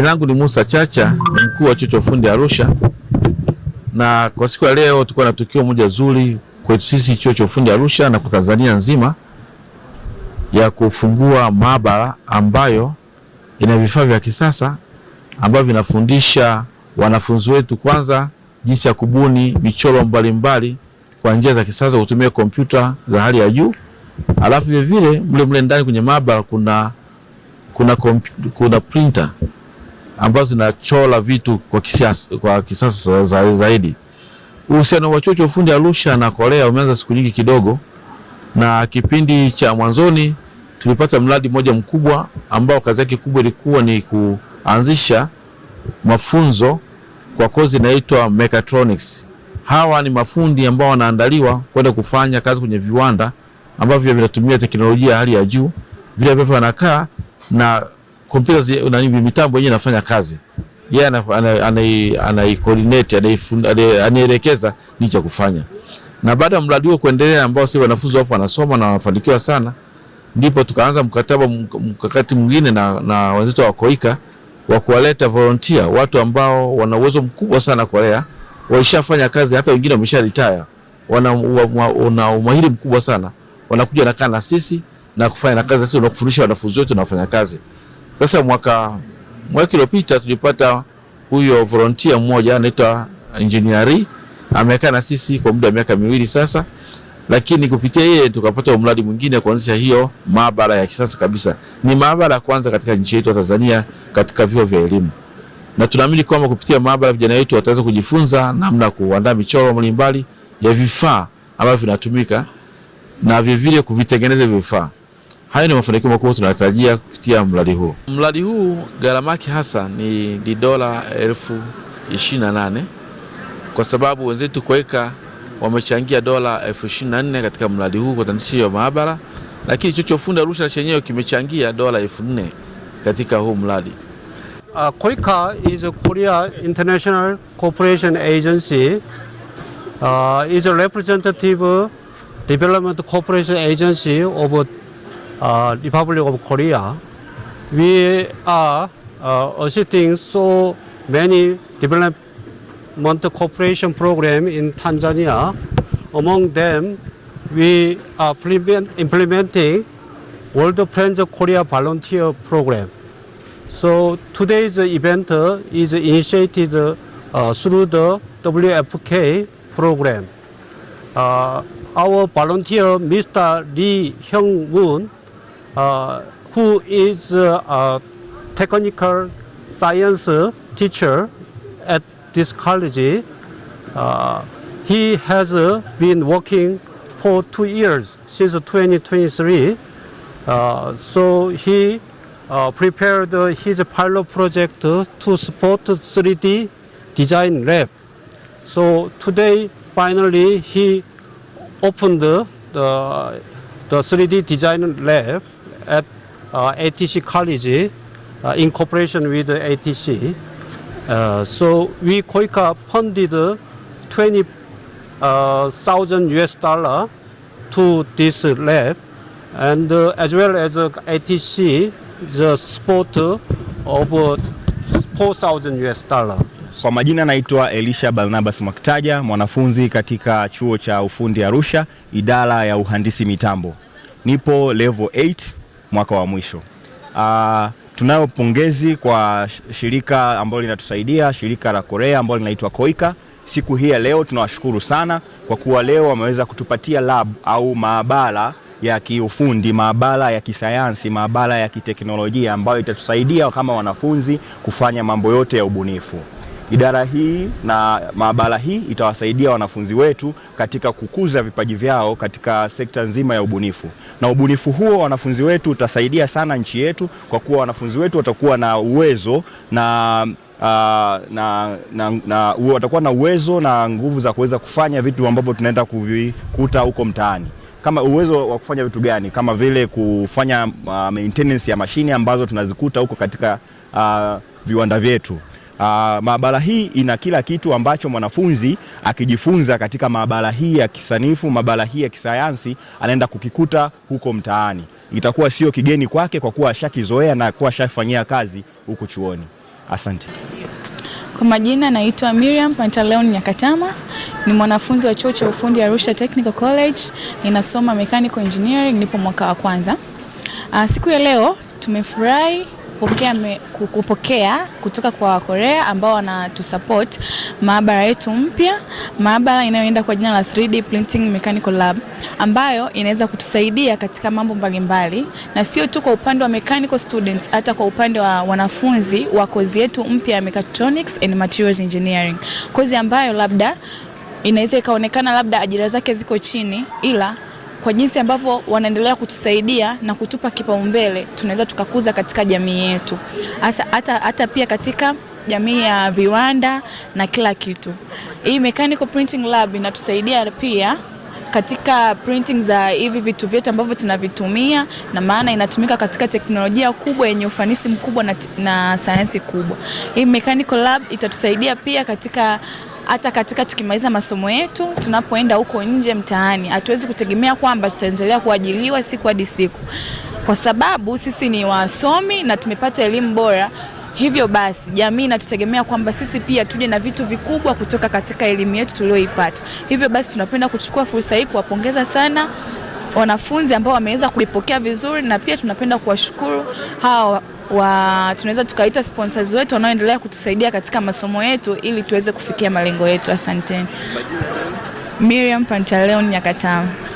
Jina langu ni Musa Chacha, ni mkuu wa chuo cha ufundi Arusha, na kwa siku ya leo tulikuwa na tukio moja zuri kwetu sisi chuo cha ufundi Arusha na kwa Tanzania nzima ya kufungua maabara ambayo ina vifaa vya kisasa ambavyo vinafundisha wanafunzi wetu kwanza jinsi ya kubuni michoro mbalimbali kwa njia za kisasa kutumia kompyuta za hali ya juu. Alafu vilevile mle mle ndani kwenye maabara kuna, kuna, kuna printer ambazo zinachola vitu kwa, kisiasa, kwa kisasa zaidi. Uhusiano wa chuo cha ufundi Arusha na Korea umeanza siku nyingi kidogo, na kipindi cha mwanzoni tulipata mradi mmoja mkubwa ambao kazi yake kubwa ilikuwa ni kuanzisha mafunzo kwa kozi inaitwa mechatronics. Hawa ni mafundi ambao wanaandaliwa kwenda kufanya kazi kwenye viwanda ambavyo vinatumia teknolojia hali ya juu, vile ambavyo wanakaa na kompyuta mitambo yenyewe inafanya kazi yeye yeah, anaicoordinate anaielekeza nini cha kufanya. Na baada ya mradi huo kuendelea, ambao sasa wanafunzi wapo wanasoma na wanafanikiwa sana, ndipo tukaanza mkataba mkakati mwingine na, na wenzetu wa Koika wa kuwaleta volunteer, watu ambao wana uwezo mkubwa sana Korea, waishafanya kazi, hata wengine wamesha retire, wana una umahiri mkubwa sana, wanakuja wanakaa na sisi na kufanya na kazi sisi, tunakufundisha wanafunzi wetu na wafanya kazi sasa mwaka mwaka uliopita tulipata huyo volunteer mmoja anaitwa engineer, amekaa na sisi kwa muda wa miaka miwili sasa, lakini kupitia yeye tukapata mradi mwingine kuanzisha hiyo maabara ya kisasa kabisa. Ni maabara ya kwanza katika nchi yetu ya Tanzania katika vyuo vya elimu, na tunaamini kwamba kupitia maabara vijana wetu wataweza kujifunza namna ya kuandaa michoro mbalimbali ya vifaa ambavyo vinatumika na vivile kuvitengeneza vifaa Hayo ni mafanikio makubwa tunayotarajia kupitia mradi huu. Mradi huu gharama yake hasa ni, ni dola elfu ishirini na nane kwa sababu wenzetu kuweka wamechangia dola elfu ishirini na nne katika mradi huu kwa tandishio ya maabara, lakini chuo cha ufundi Arusha chenyewe kimechangia dola elfu nne katika huu mradi. Uh, Koika is a Korea International Cooperation Agency. Uh, is a representative development cooperation agency of uh, Republic of Korea, we are uh, assisting so many development cooperation program in Tanzania. Among them, we are implementing World Friends Korea Volunteer Program. So today's event is initiated uh, through the WFK program. Uh, our volunteer, Mr. Lee Hyung-moon, Uh, who is uh, a technical science teacher at this college. Uh, he has been working for two years since 2023. so he prepared his pilot project to support 3D design lab. So today, finally, he opened the, the 3D design lab. at uh, ATC College uh, in cooperation with the ATC. Uh, so we COICA funded 20,000 uh, US dollar to this lab and uh, as well as uh, ATC the sport of uh, 4,000 US dollar. Kwa majina naitwa Elisha Barnabas Mwaktaja, mwanafunzi katika chuo cha ufundi Arusha, idara ya uhandisi mitambo. Nipo level mwaka wa mwisho. Uh, tunayo pongezi kwa shirika ambalo linatusaidia shirika la Korea ambalo linaitwa Koika. Siku hii ya leo tunawashukuru sana kwa kuwa leo wameweza kutupatia lab au maabara ya kiufundi, maabara ya kisayansi, maabara ya kiteknolojia ambayo itatusaidia kama wanafunzi kufanya mambo yote ya ubunifu. Idara hii na maabara hii itawasaidia wanafunzi wetu katika kukuza vipaji vyao katika sekta nzima ya ubunifu, na ubunifu huo wanafunzi wetu utasaidia sana nchi yetu, kwa kuwa wanafunzi wetu watakuwa na uwezo na Uh, na, na, na, watakuwa na uwezo na nguvu za kuweza kufanya vitu ambavyo tunaenda kuvikuta huko mtaani. Kama uwezo wa kufanya vitu gani? Kama vile kufanya uh, maintenance ya mashine ambazo tunazikuta huko katika uh, viwanda vyetu. Ah, maabara hii ina kila kitu ambacho mwanafunzi akijifunza katika maabara hii ya kisanifu, maabara hii ya kisayansi anaenda kukikuta huko mtaani, itakuwa sio kigeni kwake kwa kuwa ashakizoea na kuwa ashafanyia kazi huku chuoni. Asante. Kwa majina naitwa Miriam Pantaleon Nyakatama, ni mwanafunzi wa chuo cha ufundi Arusha Technical College, ninasoma mechanical engineering, nipo mwaka wa kwanza. Ah, siku ya leo tumefurahi kupokea, me, kupokea kutoka kwa Wakorea ambao wanatusupport maabara yetu mpya, maabara inayoenda kwa jina la 3D Printing Mechanical Lab ambayo inaweza kutusaidia katika mambo mbalimbali mbali, na sio tu kwa upande wa mechanical students, hata kwa upande wa wanafunzi wa kozi yetu mpya ya Mechatronics and Materials Engineering, kozi ambayo labda inaweza ikaonekana labda ajira zake ziko chini ila kwa jinsi ambavyo wanaendelea kutusaidia na kutupa kipaumbele, tunaweza tukakuza katika jamii yetu hasa hata, hata pia katika jamii ya viwanda na kila kitu. Hii mechanical printing lab inatusaidia pia katika printing za hivi vitu vyetu ambavyo tunavitumia, na maana inatumika katika teknolojia kubwa yenye ufanisi mkubwa na, na sayansi kubwa. Hii mechanical lab itatusaidia pia katika hata katika tukimaliza masomo yetu, tunapoenda huko nje mtaani, hatuwezi kutegemea kwamba tutaendelea kuajiliwa siku hadi siku, kwa sababu sisi ni wasomi na tumepata elimu bora. Hivyo basi jamii inatutegemea kwamba sisi pia tuje na vitu vikubwa kutoka katika elimu yetu tulioipata. Hivyo basi tunapenda kuchukua fursa hii kuwapongeza sana wanafunzi ambao wameweza kuipokea vizuri, na pia tunapenda kuwashukuru hawa wa tunaweza tukaita sponsors wetu wanaoendelea kutusaidia katika masomo yetu ili tuweze kufikia malengo yetu. Asanteni. Miriam Pantaleon Nyakatama.